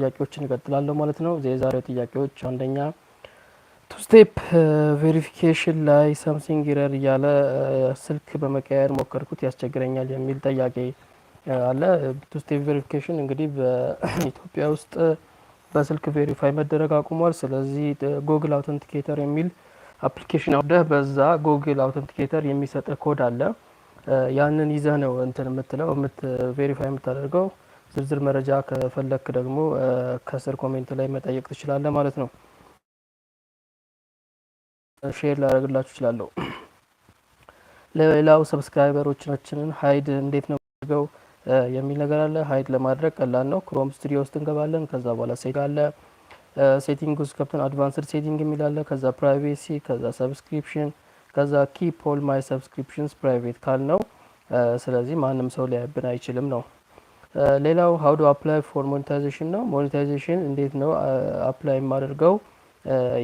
ጥያቄዎችን እቀጥላለሁ ማለት ነው። የዛሬው ጥያቄዎች አንደኛ ቱ ስቴፕ ቬሪፊኬሽን ላይ ሳምሲንግ ኢረር እያለ uh, ስልክ በመቀያየር ሞከርኩት ያስቸግረኛል የሚል ጥያቄ uh, አለ። ቱ ስቴፕ ቬሪፊኬሽን እንግዲህ በኢትዮጵያ ውስጥ በስልክ ቬሪፋይ መደረግ አቁሟል። ስለዚህ ጎግል uh, አውተንቲኬተር የሚል አፕሊኬሽን አውርደህ በዛ ጎግል አውተንቲኬተር የሚሰጥ ኮድ አለ። ያንን ይዘህ ነው እንትን የምትለው ቬሪፋይ የምታደርገው ዝርዝር መረጃ ከፈለክ ደግሞ ከስር ኮሜንት ላይ መጠየቅ ትችላለህ ማለት ነው። ሼር ላደርግላችሁ እችላለሁ። ለሌላው ሰብስክራይበሮቻችንን ሀይድ እንዴት ነው አድርገው የሚል ነገር አለ። ሀይድ ለማድረግ ቀላል ነው። ክሮም ስቱዲዮ ውስጥ እንገባለን። ከዛ በኋላ ሴት አለ። ሴቲንግ ውስጥ ከብተን አድቫንስድ ሴቲንግ የሚል አለ። ከዛ ፕራይቬሲ፣ ከዛ ሰብስክሪፕሽን፣ ከዛ ኪፕ ኦል ማይ ሰብስክሪፕሽንስ ፕራይቬት ካል ነው። ስለዚህ ማንም ሰው ሊያይብን አይችልም ነው ሌላው ሀውዶ አፕላይ ፎር ሞኔታይዜሽን ነው። ሞኔታይዜሽን እንዴት ነው አፕላይ የማደርገው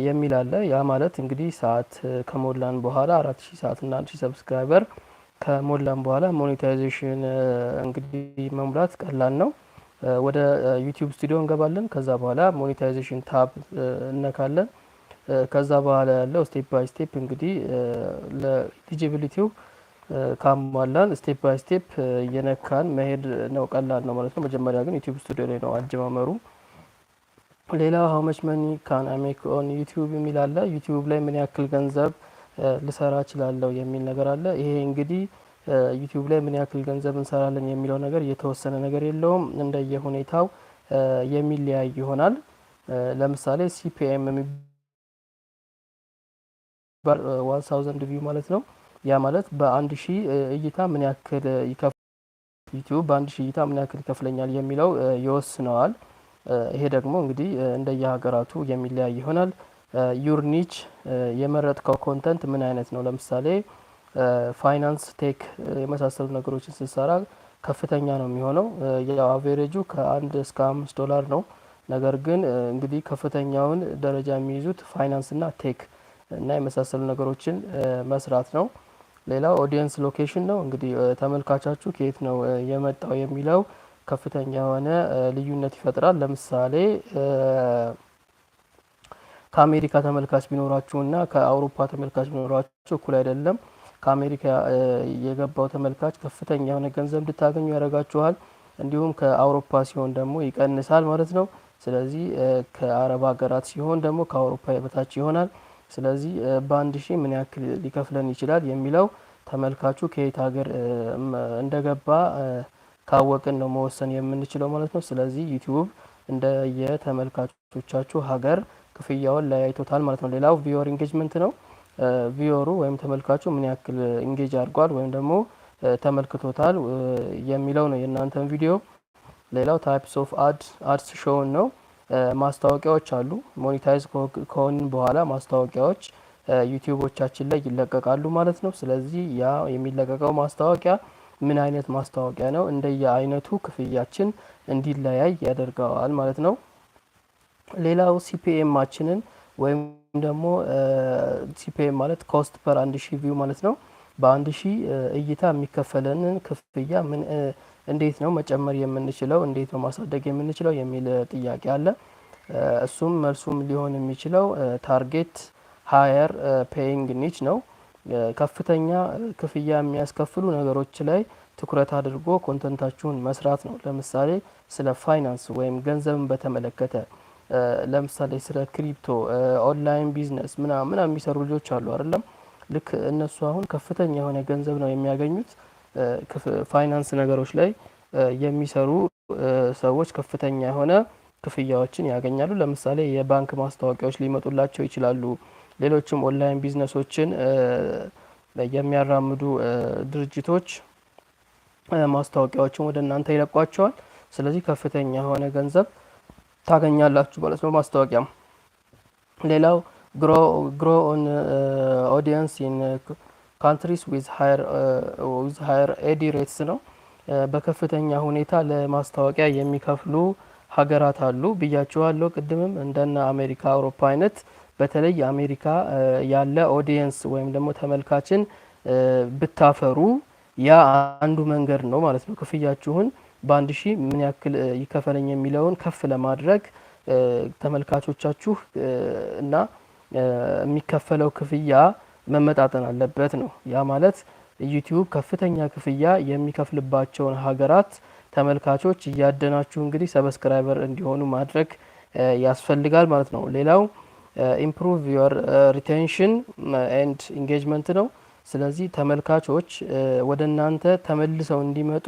የሚል አለ። ያ ማለት እንግዲህ ሰዓት ከሞላን በኋላ አራት ሺህ ሰዓት እና አንድ ሰብስክራይበር ከሞላን በኋላ ሞኔታይዜሽን እንግዲህ መሙላት ቀላል ነው። ወደ ዩቲዩብ ስቱዲዮ እንገባለን። ከዛ በኋላ ሞኔታይዜሽን ታብ እነካለን። ከዛ በኋላ ያለው ስቴፕ ባይ ስቴፕ እንግዲህ ለኢሊጂቢሊቲው ካሟላን ስቴፕ ባይ ስቴፕ እየነካን መሄድ ነው። ቀላል ነው ማለት ነው። መጀመሪያ ግን ዩቲዩብ ስቱዲዮ ላይ ነው አጀማመሩ። ሌላ ሀው መች መኒ ካን አይ ሜክ ኦን ዩቲዩብ የሚል አለ። ዩቲዩብ ላይ ምን ያክል ገንዘብ ልሰራ እችላለሁ የሚል ነገር አለ። ይሄ እንግዲህ ዩቲዩብ ላይ ምን ያክል ገንዘብ እንሰራለን የሚለው ነገር የተወሰነ ነገር የለውም። እንደየ ሁኔታው የሚለያይ ይሆናል። ለምሳሌ ሲፒኤም የሚባል ዋን ሳውዘንድ ቪው ማለት ነው ያ ማለት በአንድ ሺህ እይታ ምን ያክል ይከፍ ዩቲዩብ በአንድ ሺህ እይታ ምን ያክል ይከፍለኛል የሚለው ይወስነዋል። ይሄ ደግሞ እንግዲህ እንደየሀገራቱ የሚለያይ ይሆናል። ዩርኒች የመረጥከው ኮንተንት ምን አይነት ነው? ለምሳሌ ፋይናንስ፣ ቴክ የመሳሰሉ ነገሮችን ስትሰራ ከፍተኛ ነው የሚሆነው። ያው አቬሬጁ ከአንድ እስከ አምስት ዶላር ነው። ነገር ግን እንግዲህ ከፍተኛውን ደረጃ የሚይዙት ፋይናንስና ቴክ እና የመሳሰሉ ነገሮችን መስራት ነው። ሌላው ኦዲየንስ ሎኬሽን ነው። እንግዲህ ተመልካቻችሁ ከየት ነው የመጣው የሚለው ከፍተኛ የሆነ ልዩነት ይፈጥራል። ለምሳሌ ከአሜሪካ ተመልካች እና ከአውሮፓ ተመልካች ቢኖራችሁ እኩል አይደለም። ከአሜሪካ የገባው ተመልካች ከፍተኛ የሆነ ገንዘብ እንድታገኙ ያደርጋችኋል። እንዲሁም ከአውሮፓ ሲሆን ደግሞ ይቀንሳል ማለት ነው። ስለዚህ ከአረብ ሀገራት ሲሆን ደግሞ ከአውሮፓ በታች ይሆናል። ስለዚህ በአንድ ሺህ ምን ያክል ሊከፍለን ይችላል የሚለው ተመልካቹ ከየት ሀገር እንደገባ ካወቅን ነው መወሰን የምንችለው ማለት ነው። ስለዚህ ዩቲዩብ እንደ የተመልካቾቻችሁ ሀገር ክፍያውን ለያይቶታል ማለት ነው። ሌላው ቪዮር ኢንጌጅመንት ነው። ቪዮሩ ወይም ተመልካቹ ምን ያክል ኢንጌጅ አድርጓል ወይም ደግሞ ተመልክቶታል የሚለው ነው የእናንተን ቪዲዮ። ሌላው ታይፕስ ኦፍ አድ አድስ ሾውን ነው ማስታወቂያዎች አሉ። ሞኒታይዝ ከሆንን በኋላ ማስታወቂያዎች ዩቲዩቦቻችን ላይ ይለቀቃሉ ማለት ነው። ስለዚህ ያ የሚለቀቀው ማስታወቂያ ምን አይነት ማስታወቂያ ነው እንደየ አይነቱ ክፍያችን እንዲለያይ ያደርገዋል ማለት ነው። ሌላው ሲፒኤማችንን ወይም ደግሞ ሲፒኤም ማለት ኮስት ፐር አንድ ሺ ቪው ማለት ነው በአንድ ሺህ እይታ የሚከፈለንን ክፍያ ምን እንዴት ነው መጨመር የምንችለው እንዴት ነው ማሳደግ የምንችለው የሚል ጥያቄ አለ። እሱም መልሱም ሊሆን የሚችለው ታርጌት ሀየር ፔይንግ ኒች ነው። ከፍተኛ ክፍያ የሚያስከፍሉ ነገሮች ላይ ትኩረት አድርጎ ኮንተንታችሁን መስራት ነው። ለምሳሌ ስለ ፋይናንስ ወይም ገንዘብን በተመለከተ ለምሳሌ ስለ ክሪፕቶ፣ ኦንላይን ቢዝነስ ምናምን የሚሰሩ ልጆች አሉ አይደለም ልክ እነሱ አሁን ከፍተኛ የሆነ ገንዘብ ነው የሚያገኙት። ፋይናንስ ነገሮች ላይ የሚሰሩ ሰዎች ከፍተኛ የሆነ ክፍያዎችን ያገኛሉ። ለምሳሌ የባንክ ማስታወቂያዎች ሊመጡላቸው ይችላሉ። ሌሎችም ኦንላይን ቢዝነሶችን የሚያራምዱ ድርጅቶች ማስታወቂያዎችን ወደ እናንተ ይለቋቸዋል። ስለዚህ ከፍተኛ የሆነ ገንዘብ ታገኛላችሁ ማለት ነው ማስታወቂያም ሌላው grow grow on uh, audience in ካንትሪስ ዊዝ ሃየር ኤዲ ሬትስ ነው። uh, በከፍተኛ ሁኔታ ለማስታወቂያ የሚከፍሉ ሀገራት አሉ ብያችኋለሁ ቅድምም። እንደነ አሜሪካ፣ አውሮፓ አይነት በተለይ አሜሪካ uh, ያለ ኦዲየንስ ወይም ደግሞ ተመልካችን ብታፈሩ ያ አንዱ መንገድ ነው ማለት ነው። ክፍያችሁን በአንድ ሺ ምን ያክል ይከፈለኝ የሚለውን ከፍ ለማድረግ ተመልካቾቻችሁ እና የሚከፈለው ክፍያ መመጣጠን አለበት ነው። ያ ማለት ዩቲዩብ ከፍተኛ ክፍያ የሚከፍልባቸውን ሀገራት ተመልካቾች እያደናችሁ እንግዲህ ሰብስክራይበር እንዲሆኑ ማድረግ ያስፈልጋል ማለት ነው። ሌላው ኢምፕሩቭ ዩር ሪቴንሽን ኤንድ ኢንጌጅመንት ነው። ስለዚህ ተመልካቾች ወደ እናንተ ተመልሰው እንዲመጡ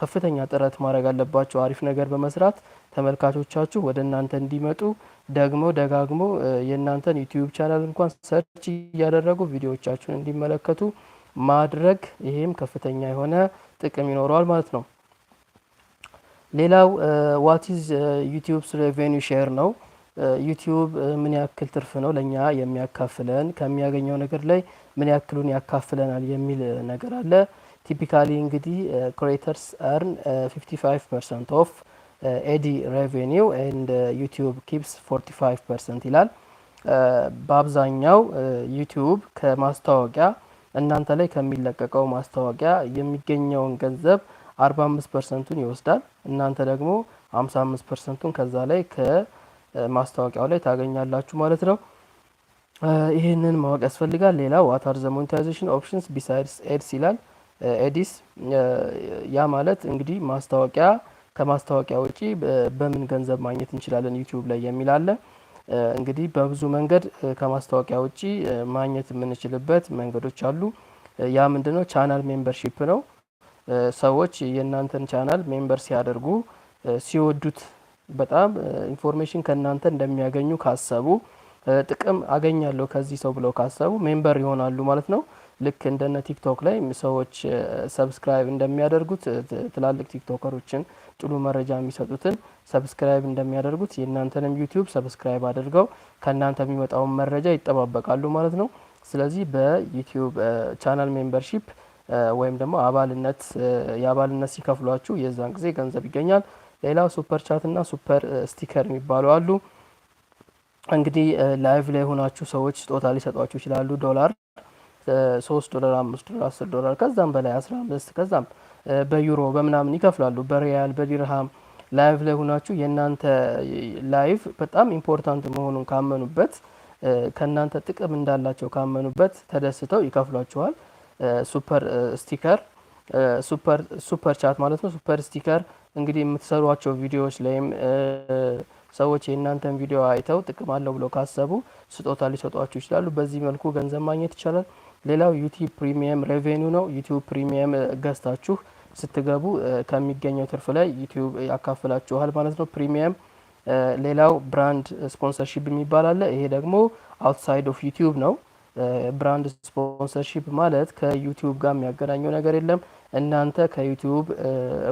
ከፍተኛ ጥረት ማድረግ አለባቸው። አሪፍ ነገር በመስራት ተመልካቾቻችሁ ወደ እናንተ እንዲመጡ ደግሞ ደጋግሞ የእናንተን ዩቲዩብ ቻናል እንኳን ሰርች እያደረጉ ቪዲዮዎቻችሁን እንዲመለከቱ ማድረግ ይሄም ከፍተኛ የሆነ ጥቅም ይኖረዋል ማለት ነው። ሌላው ዋትዝ ዩቲዩብስ ሬቬኒ ሼር ነው። ዩቲዩብ ምን ያክል ትርፍ ነው ለእኛ የሚያካፍለን ከሚያገኘው ነገር ላይ ምን ያክሉን ያካፍለናል የሚል ነገር አለ። ቲፒካሊ እንግዲህ ክሬተርስ አርን 55 ፐርሰንት ኦፍ ኤዲ ሬቬኒው ኤንድ ዩቲዩብ ኪፕስ 45 ፐርሰንት ይላል። uh, በአብዛኛው ዩቲዩብ uh, ከማስታወቂያ እናንተ ላይ ከሚለቀቀው ማስታወቂያ የሚገኘውን ገንዘብ 45 ፐርሰንቱን ይወስዳል። እናንተ ደግሞ 55 ፐርሰንቱን ከዛ ላይ ከማስታወቂያው uh, ላይ ታገኛላችሁ ማለት ነው። ይህንን ማወቅ ያስፈልጋል። ሌላ ዋታር ዘ ሞኔታይዜሽን ኦፕሽንስ ቢሳይድስ ኤድስ ይላል። ኤዲስ ያ ማለት እንግዲህ ማስታወቂያ ከማስታወቂያ ውጪ በምን ገንዘብ ማግኘት እንችላለን ዩቲዩብ ላይ የሚል አለ። እንግዲህ በብዙ መንገድ ከማስታወቂያ ውጪ ማግኘት የምንችልበት መንገዶች አሉ። ያ ምንድነው? ቻናል ሜምበርሺፕ ነው። ሰዎች የእናንተን ቻናል ሜምበር ሲያደርጉ ሲወዱት በጣም ኢንፎርሜሽን ከእናንተ እንደሚያገኙ ካሰቡ ጥቅም አገኛለሁ ከዚህ ሰው ብለው ካሰቡ ሜምበር ይሆናሉ ማለት ነው። ልክ እንደነ ቲክቶክ ላይ ሰዎች ሰብስክራይብ እንደሚያደርጉት ትላልቅ ቲክቶከሮችን ጥሩ መረጃ የሚሰጡትን ሰብስክራይብ እንደሚያደርጉት የእናንተንም ዩቲዩብ ሰብስክራይብ አድርገው ከእናንተ የሚመጣውን መረጃ ይጠባበቃሉ ማለት ነው። ስለዚህ በዩቲዩብ ቻናል ሜምበርሺፕ ወይም ደግሞ አባልነት የአባልነት ሲከፍሏችሁ የዛን ጊዜ ገንዘብ ይገኛል። ሌላ ሱፐር ቻት እና ሱፐር ስቲከር የሚባሉ አሉ። እንግዲህ ላይቭ ላይ ሆናችሁ ሰዎች ስጦታ ሊሰጧችሁ ይችላሉ። ዶላር ሶስት ዶላር፣ አምስት ዶላር፣ አስር ዶላር ከዛም በላይ አስራ አምስት ከዛም በዩሮ በምናምን ይከፍላሉ። በሪያል በዲርሃም ላይቭ ላይ ሆናችሁ የእናንተ ላይቭ በጣም ኢምፖርታንት መሆኑን ካመኑበት፣ ከእናንተ ጥቅም እንዳላቸው ካመኑበት ተደስተው ይከፍሏችኋል። ሱፐር ስቲከር ሱፐር ቻት ማለት ነው። ሱፐር ስቲከር እንግዲህ የምትሰሯቸው ቪዲዮዎች ላይም ሰዎች የእናንተን ቪዲዮ አይተው ጥቅም አለው ብለው ካሰቡ ስጦታ ሊሰጧችሁ ይችላሉ። በዚህ መልኩ ገንዘብ ማግኘት ይቻላል። ሌላው ዩቲዩብ ፕሪሚየም ሬቬኒው ነው። ዩቲዩብ ፕሪሚየም ገዝታችሁ ስትገቡ ከሚገኘው ትርፍ ላይ ዩቲዩብ ያካፍላችኋል ማለት ነው። ፕሪሚየም። ሌላው ብራንድ ስፖንሰርሺፕ የሚባል አለ። ይሄ ደግሞ አውትሳይድ ኦፍ ዩቲዩብ ነው። ብራንድ ስፖንሰርሺፕ ማለት ከዩቲዩብ ጋር የሚያገናኘው ነገር የለም። እናንተ ከዩቲዩብ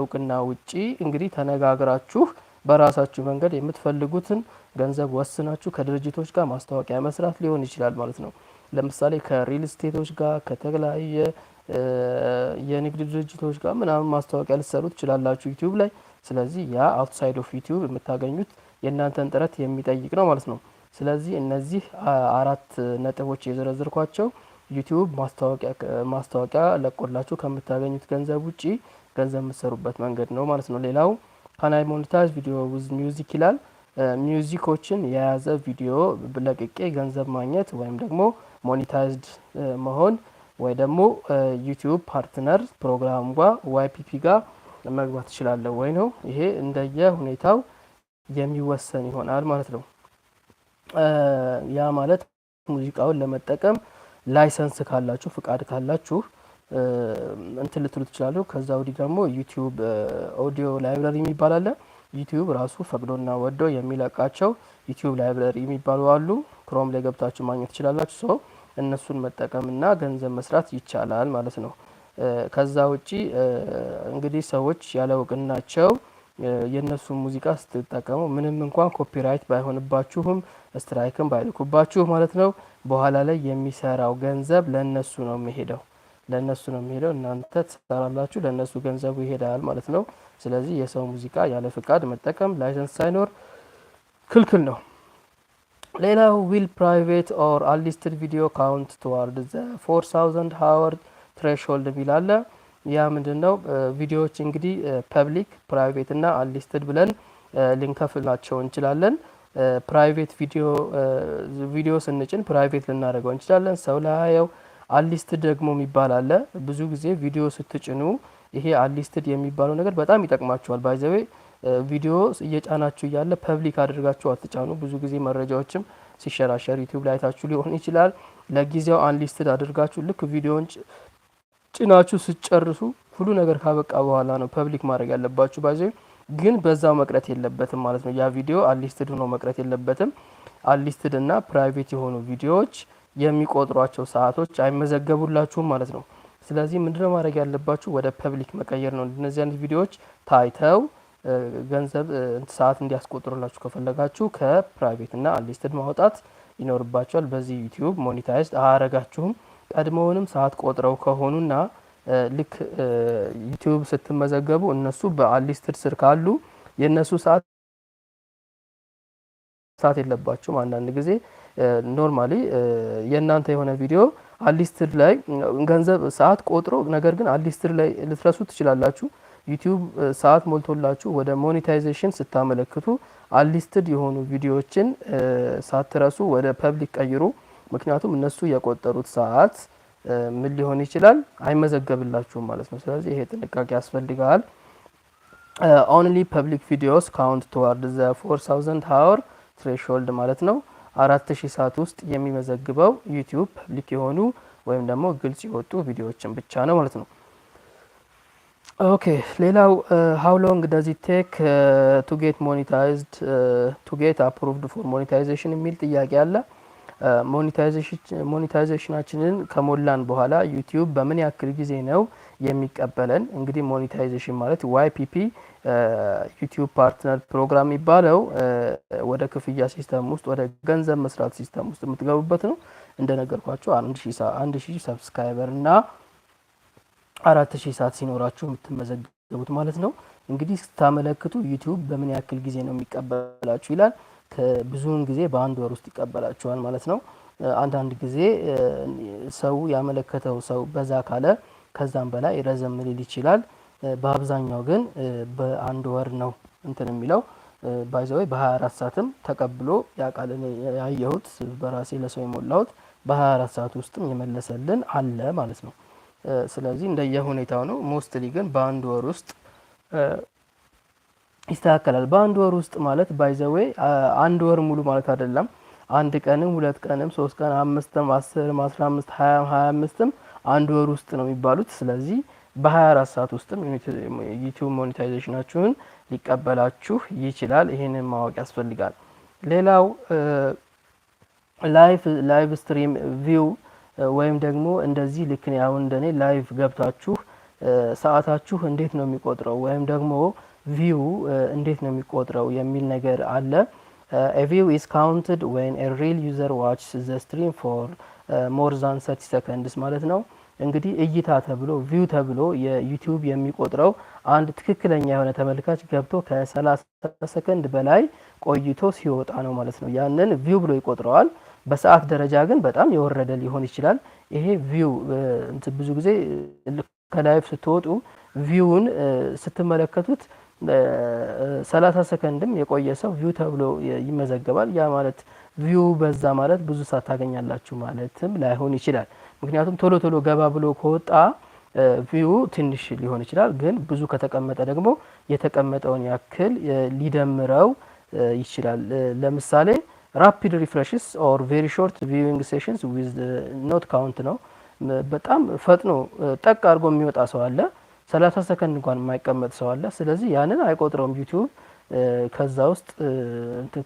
እውቅና ውጪ እንግዲህ ተነጋግራችሁ በራሳችሁ መንገድ የምትፈልጉትን ገንዘብ ወስናችሁ ከድርጅቶች ጋር ማስታወቂያ መስራት ሊሆን ይችላል ማለት ነው። ለምሳሌ ከሪል ስቴቶች ጋር ከተለያየ የንግድ ድርጅቶች ጋር ምናምን ማስታወቂያ ልትሰሩ ትችላላችሁ ዩቲዩብ ላይ። ስለዚህ ያ አውትሳይድ ኦፍ ዩቲዩብ የምታገኙት የእናንተን ጥረት የሚጠይቅ ነው ማለት ነው። ስለዚህ እነዚህ አራት ነጥቦች የዘረዘርኳቸው ዩቲዩብ ማስታወቂያ ለቆላችሁ ከምታገኙት ገንዘብ ውጪ ገንዘብ የምትሰሩበት መንገድ ነው ማለት ነው። ሌላው ካናይ ሞኔታይዝ ቪዲዮ ውዝ ሚውዚክ ይላል። ሚውዚኮችን የያዘ ቪዲዮ ለቅቄ ገንዘብ ማግኘት ወይም ደግሞ ሞኔታይዝድ መሆን ወይ ደግሞ ዩቲዩብ ፓርትነር ፕሮግራም ጋር ዋይፒፒ ጋር መግባት ትችላለህ ወይ ነው። ይሄ እንደየ ሁኔታው የሚወሰን ይሆናል ማለት ነው። ያ ማለት ሙዚቃውን ለመጠቀም ላይሰንስ ካላችሁ ፍቃድ ካላችሁ እንትን ልትሉ ትችላሉ። ከዛ ወዲህ ደግሞ ዩቲዩብ ኦዲዮ ላይብረሪ የሚባል አለ። ዩቲዩብ ራሱ ፈቅዶና ወዶ የሚለቃቸው ዩቲዩብ ላይብረሪ የሚባሉ አሉ። ክሮም ላይ ገብታችሁ ማግኘት ትችላላችሁ ሰው እነሱን መጠቀምና ገንዘብ መስራት ይቻላል ማለት ነው። ከዛ ውጪ እንግዲህ ሰዎች ያለ እውቅናቸው የእነሱን ሙዚቃ ስትጠቀሙ ምንም እንኳን ኮፒራይት ባይሆንባችሁም ስትራይክም ባይልኩባችሁ ማለት ነው በኋላ ላይ የሚሰራው ገንዘብ ለእነሱ ነው የሚሄደው ለእነሱ ነው የሚሄደው። እናንተ ትሰራላችሁ፣ ለእነሱ ገንዘቡ ይሄዳል ማለት ነው። ስለዚህ የሰው ሙዚቃ ያለ ፍቃድ መጠቀም ላይሰንስ ሳይኖር ክልክል ነው። ሌላው ዊል ፕራይቬት ኦር አንሊስትድ ቪዲዮ ካውንት ትዋርድ ዘ ፎር ታውዘንድ ሀወር ትሬሽሆልድ የሚላለ ያ ምንድን ነው? ቪዲዮዎች እንግዲህ ፐብሊክ፣ ፕራይቬት እና አንሊስትድ ብለን ልንከፍላቸው እንችላለን። ፕራይቬት ቪዲዮ ስንጭን ፕራይቬት ልናደርገው እንችላለን፣ ሰው ላያየው። አንሊስትድ ደግሞ የሚባል አለ። ብዙ ጊዜ ቪዲዮ ስትጭኑ ይሄ አንሊስትድ የሚባለው ነገር በጣም ይጠቅማቸዋል ባይዘዌ ቪዲዮ እየጫናችሁ እያለ ፐብሊክ አድርጋችሁ አትጫኑ። ብዙ ጊዜ መረጃዎችም ሲሸራሸር ዩቲዩብ ላይ አይታችሁ ሊሆን ይችላል። ለጊዜው አንሊስትድ አድርጋችሁ ልክ ቪዲዮን ጭናችሁ ስጨርሱ ሁሉ ነገር ካበቃ በኋላ ነው ፐብሊክ ማድረግ ያለባችሁ። ባዜ ግን በዛው መቅረት የለበትም ማለት ነው። ያ ቪዲዮ አንሊስትድ ሆኖ መቅረት የለበትም። አንሊስትድ እና ፕራይቬት የሆኑ ቪዲዮዎች የሚቆጥሯቸው ሰዓቶች አይመዘገቡላችሁም ማለት ነው። ስለዚህ ምንድነው ማድረግ ያለባችሁ? ወደ ፐብሊክ መቀየር ነው። እነዚህ አይነት ቪዲዮዎች ታይተው ገንዘብ ሰዓት እንዲያስቆጥሩላችሁ ከፈለጋችሁ ከፕራይቬት እና አንሊስትድ ማውጣት ይኖርባቸዋል በዚህ ዩቲዩብ ሞኔታይዝድ አያረጋችሁም። ቀድሞውንም ሰዓት ቆጥረው ከሆኑና ልክ ዩቲዩብ ስትመዘገቡ እነሱ በአንሊስትድ ስር ካሉ የእነሱ ሰዓት ሰዓት የለባችሁም። አንዳንድ ጊዜ ኖርማሊ የእናንተ የሆነ ቪዲዮ አንሊስትድ ላይ ገንዘብ ሰዓት ቆጥሮ ነገር ግን አንሊስትድ ላይ ልትረሱ ትችላላችሁ። ዩቲዩብ ሰዓት ሞልቶላችሁ ወደ ሞኔታይዜሽን ስታመለክቱ አንሊስትድ የሆኑ ቪዲዮዎችን ሳትረሱ ወደ ፐብሊክ ቀይሩ። ምክንያቱም እነሱ የቆጠሩት ሰዓት ምን ሊሆን ይችላል አይመዘገብላችሁም ማለት ነው። ስለዚህ ይሄ ጥንቃቄ ያስፈልጋል። ኦንሊ ፐብሊክ ቪዲዮስ ካውንት ቱዋርድ ዘ 4000 ሃወር ትሬሾልድ ማለት ነው። አራት ሺህ ሰዓት ውስጥ የሚመዘግበው ዩቲዩብ ፐብሊክ የሆኑ ወይም ደግሞ ግልጽ የወጡ ቪዲዮዎችን ብቻ ነው ማለት ነው። ኦኬ ሌላው ሃው ሎንግ ዳዝ ኢት ቴክ ቱ ጌት ሞኔታይዝድ ቱ ጌት አፕሩቭድ ፎር ሞኔታይዜሽን የሚል ጥያቄ አለ። ሞኔታይዜሽናችንን ከሞላን በኋላ ዩቲዩብ በምን ያክል ጊዜ ነው የሚቀበለን? እንግዲህ ሞኔታይዜሽን ማለት ዋይፒፒ ዩቲዩብ ፓርትነር ፕሮግራም የሚባለው ወደ ክፍያ ሲስተም ውስጥ ወደ ገንዘብ መስራት ሲስተም ውስጥ የምትገቡበት ነው። እንደነገርኳቸው አንድ ሺህ ሰብስክራይበር እና አራት ሺህ ሰዓት ሲኖራችሁ የምትመዘገቡት ማለት ነው። እንግዲህ ስታመለክቱ ዩቲዩብ በምን ያክል ጊዜ ነው የሚቀበላችሁ ይላል። ብዙውን ጊዜ በአንድ ወር ውስጥ ይቀበላችኋል ማለት ነው። አንዳንድ ጊዜ ሰው ያመለከተው ሰው በዛ ካለ ከዛም በላይ ረዘም ሊል ይችላል። በአብዛኛው ግን በአንድ ወር ነው እንትን የሚለው ባይዘወይ በ24 ሰዓትም ተቀብሎ ያቃል ያየሁት በራሴ ለሰው የሞላሁት በ24 ሰዓት ውስጥም የመለሰልን አለ ማለት ነው። ስለዚህ እንደየሁኔታው ነው። ሞስትሊ ግን በአንድ ወር ውስጥ ይስተካከላል። በአንድ ወር ውስጥ ማለት ባይዘዌ አንድ ወር ሙሉ ማለት አይደለም። አንድ ቀንም ሁለት ቀንም ሶስት ቀን አምስትም አስርም አስራ አምስት ሀያም ሀያ አምስትም አንድ ወር ውስጥ ነው የሚባሉት። ስለዚህ በ24 ሰዓት ውስጥም ዩቲዩብ ሞኔታይዜሽናችሁን ሊቀበላችሁ ይችላል። ይህንን ማወቅ ያስፈልጋል። ሌላው ላይቭ ስትሪም ቪው ወይም ደግሞ እንደዚህ ልክ አሁን እንደኔ ላይቭ ገብታችሁ ሰዓታችሁ እንዴት ነው የሚቆጥረው ወይም ደግሞ ቪው እንዴት ነው የሚቆጥረው የሚል ነገር አለ። ቪው ኢስ ካውንትድ ወን ሪል ዩዘር ዋች ዘ ስትሪም ፎር ሞር ዛን ሰርቲ ሰከንድስ ማለት ነው። እንግዲህ እይታ ተብሎ ቪው ተብሎ የዩቲዩብ የሚቆጥረው አንድ ትክክለኛ የሆነ ተመልካች ገብቶ ከ30 ሰከንድ በላይ ቆይቶ ሲወጣ ነው ማለት ነው። ያንን ቪው ብሎ ይቆጥረዋል። በሰዓት ደረጃ ግን በጣም የወረደ ሊሆን ይችላል። ይሄ ቪው ብዙ ጊዜ ከላይፍ ስትወጡ ቪውን ስትመለከቱት ሰላሳ ሰከንድም የቆየ ሰው ቪው ተብሎ ይመዘገባል። ያ ማለት ቪው በዛ ማለት ብዙ ሰዓት ታገኛላችሁ ማለትም ላይሆን ይችላል። ምክንያቱም ቶሎ ቶሎ ገባ ብሎ ከወጣ ቪው ትንሽ ሊሆን ይችላል። ግን ብዙ ከተቀመጠ ደግሞ የተቀመጠውን ያክል ሊደምረው ይችላል። ለምሳሌ ራፒድ ሪፍሬሽስ ኦር ቬሪ ሾርት ቪዊንግ ሴሽንስ ዊዝ ኖት ካውንት ነው። በጣም ፈጥኖ ጠቅ አድርጎ የሚወጣ ሰው አለ። ሰላሳ ሰከንድ እንኳን የማይቀመጥ ሰው አለ። ስለዚህ ያንን አይቆጥረውም ዩቲዩብ ከዛ ውስጥ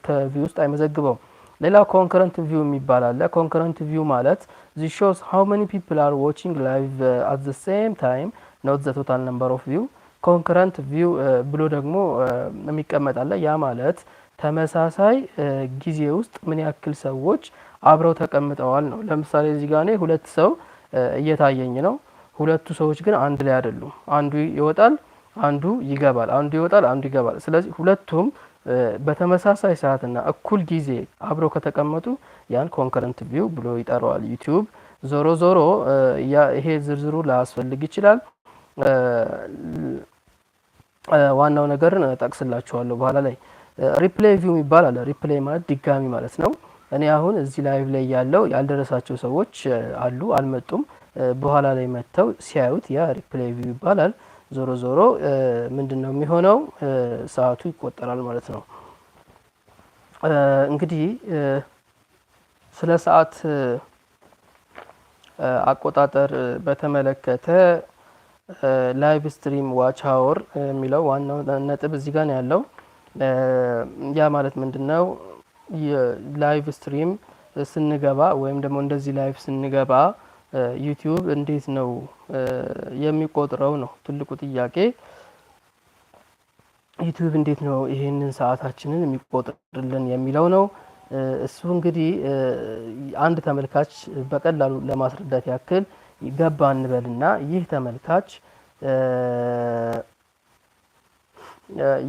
ከቪው ውስጥ አይመዘግበውም። ሌላ ኮንክረንት ቪው የሚባል አለ። ኮንከረንት ቪው ማለት ዚ ሾስ ሃው መኒ ፒፕል አር ዋቺንግ ላይቭ አት ዘ ሴም ታይም ኖት ዘ ቶታል ነምበር ኦፍ ቪው። ኮንከረንት ቪው ብሎ ደግሞ uh, የሚቀመጥ አለ። ያ ማለት ተመሳሳይ ጊዜ ውስጥ ምን ያክል ሰዎች አብረው ተቀምጠዋል ነው። ለምሳሌ እዚህ ጋር እኔ ሁለት ሰው እየታየኝ ነው። ሁለቱ ሰዎች ግን አንድ ላይ አይደሉም። አንዱ ይወጣል፣ አንዱ ይገባል፣ አንዱ ይወጣል፣ አንዱ ይገባል። ስለዚህ ሁለቱም በተመሳሳይ ሰዓትና እኩል ጊዜ አብረው ከተቀመጡ ያን ኮንከረንት ቪው ብሎ ይጠራዋል ዩቲዩብ። ዞሮ ዞሮ ይሄ ዝርዝሩ ላያስፈልግ ይችላል። ዋናው ነገርን ጠቅስላችኋለሁ በኋላ ላይ ሪፕሌይ ቪው የሚባል አለ። ሪፕሌይ ማለት ድጋሚ ማለት ነው። እኔ አሁን እዚህ ላይቭ ላይ ያለው ያልደረሳቸው ሰዎች አሉ፣ አልመጡም። በኋላ ላይ መጥተው ሲያዩት ያ ሪፕሌይ ቪው ይባላል። ዞሮ ዞሮ ምንድን ነው የሚሆነው? ሰዓቱ ይቆጠራል ማለት ነው። እንግዲህ ስለ ሰዓት አቆጣጠር በተመለከተ ላይቭ ስትሪም ዋች አወር የሚለው ዋናው ነጥብ እዚህ ጋር ነው ያለው። ያ ማለት ምንድን ነው? የላይቭ ስትሪም ስንገባ ወይም ደግሞ እንደዚህ ላይቭ ስንገባ ዩቲዩብ እንዴት ነው የሚቆጥረው ነው ትልቁ ጥያቄ። ዩቲዩብ እንዴት ነው ይሄንን ሰዓታችንን የሚቆጥርልን የሚለው ነው። እሱ እንግዲህ አንድ ተመልካች በቀላሉ ለማስረዳት ያክል ገባ እንበልና ይህ ተመልካች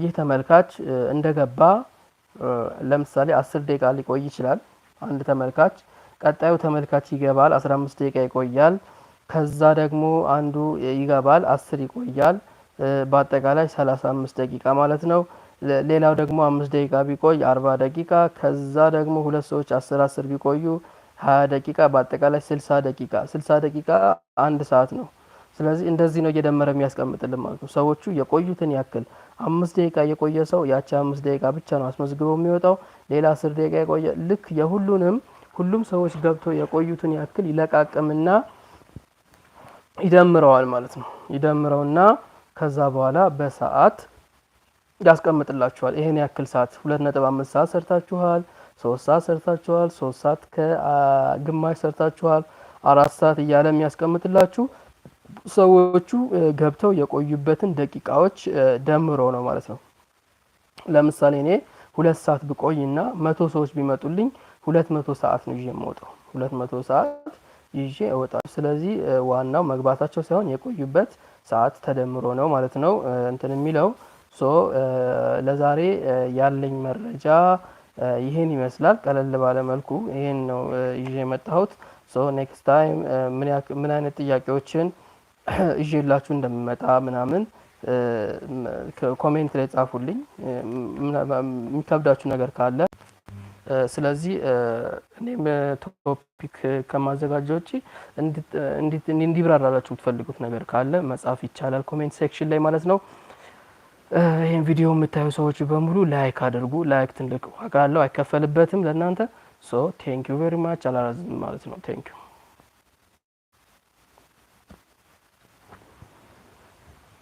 ይህ ተመልካች እንደገባ ለምሳሌ አስር ደቂቃ ሊቆይ ይችላል። አንድ ተመልካች ቀጣዩ ተመልካች ይገባል፣ 15 ደቂቃ ይቆያል። ከዛ ደግሞ አንዱ ይገባል፣ አስር ይቆያል። በአጠቃላይ 35 ደቂቃ ማለት ነው። ሌላው ደግሞ አምስት ደቂቃ ቢቆይ 40 ደቂቃ። ከዛ ደግሞ ሁለት ሰዎች 10 10 ቢቆዩ 20 ደቂቃ፣ በአጠቃላይ 60 ደቂቃ። 60 ደቂቃ አንድ ሰዓት ነው። ስለዚህ እንደዚህ ነው እየደመረ የሚያስቀምጥልን ማለት ነው። ሰዎቹ የቆዩትን ያክል አምስት ደቂቃ የቆየ ሰው ያቺ አምስት ደቂቃ ብቻ ነው አስመዝግቦ የሚወጣው። ሌላ አስር ደቂቃ የቆየ ልክ የሁሉንም ሁሉም ሰዎች ገብቶ የቆዩትን ያክል ይለቃቅምና ይደምረዋል ማለት ነው። ይደምረውና ከዛ በኋላ በሰዓት ያስቀምጥላችኋል። ይሄን ያክል ሰዓት ሁለት ነጥብ አምስት ሰዓት ሰርታችኋል፣ ሶስት ሰዓት ሰርታችኋል፣ ሶስት ሰዓት ከግማሽ ሰርታችኋል፣ አራት ሰዓት እያለ የሚያስቀምጥላችሁ ሰዎቹ ገብተው የቆዩበትን ደቂቃዎች ደምሮ ነው ማለት ነው። ለምሳሌ እኔ ሁለት ሰዓት ብቆይና መቶ ሰዎች ቢመጡልኝ ሁለት መቶ ሰዓት ነው ይዤ የምወጣው። ሁለት መቶ ሰዓት ይዤ እወጣለሁ። ስለዚህ ዋናው መግባታቸው ሳይሆን የቆዩበት ሰዓት ተደምሮ ነው ማለት ነው እንትን የሚለው ሶ ለዛሬ ያለኝ መረጃ ይህን ይመስላል። ቀለል ባለ መልኩ ይሄን ነው ይዤ የመጣሁት። ሶ ኔክስት ታይም ምን አይነት ጥያቄዎችን እዤላችሁ እንደምመጣ ምናምን ኮሜንት ላይ ጻፉልኝ የሚከብዳችሁ ነገር ካለ። ስለዚህ እኔም ቶፒክ ከማዘጋጀ ውጭ እንዲብራራላችሁ የምትፈልጉት ነገር ካለ መጻፍ ይቻላል፣ ኮሜንት ሴክሽን ላይ ማለት ነው። ይህን ቪዲዮ የምታዩ ሰዎች በሙሉ ላይክ አድርጉ። ላይክ ትልቅ ዋጋ አለው፣ አይከፈልበትም ለእናንተ ሶ ቴንክ ዩ ቨሪ ማች። አላራዝም ማለት ነው። ቴንክ ዩ